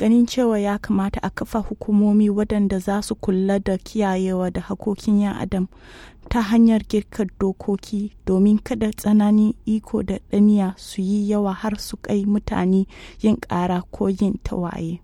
ganin cewa ya kamata a kafa hukumomi waɗanda za su kula da kiyayewa da hakokin 'yan adam ta hanyar girka dokoki domin kada tsananin iko da ɗaniya su yi yawa har su kai mutane yin ƙara ko yin tawaye.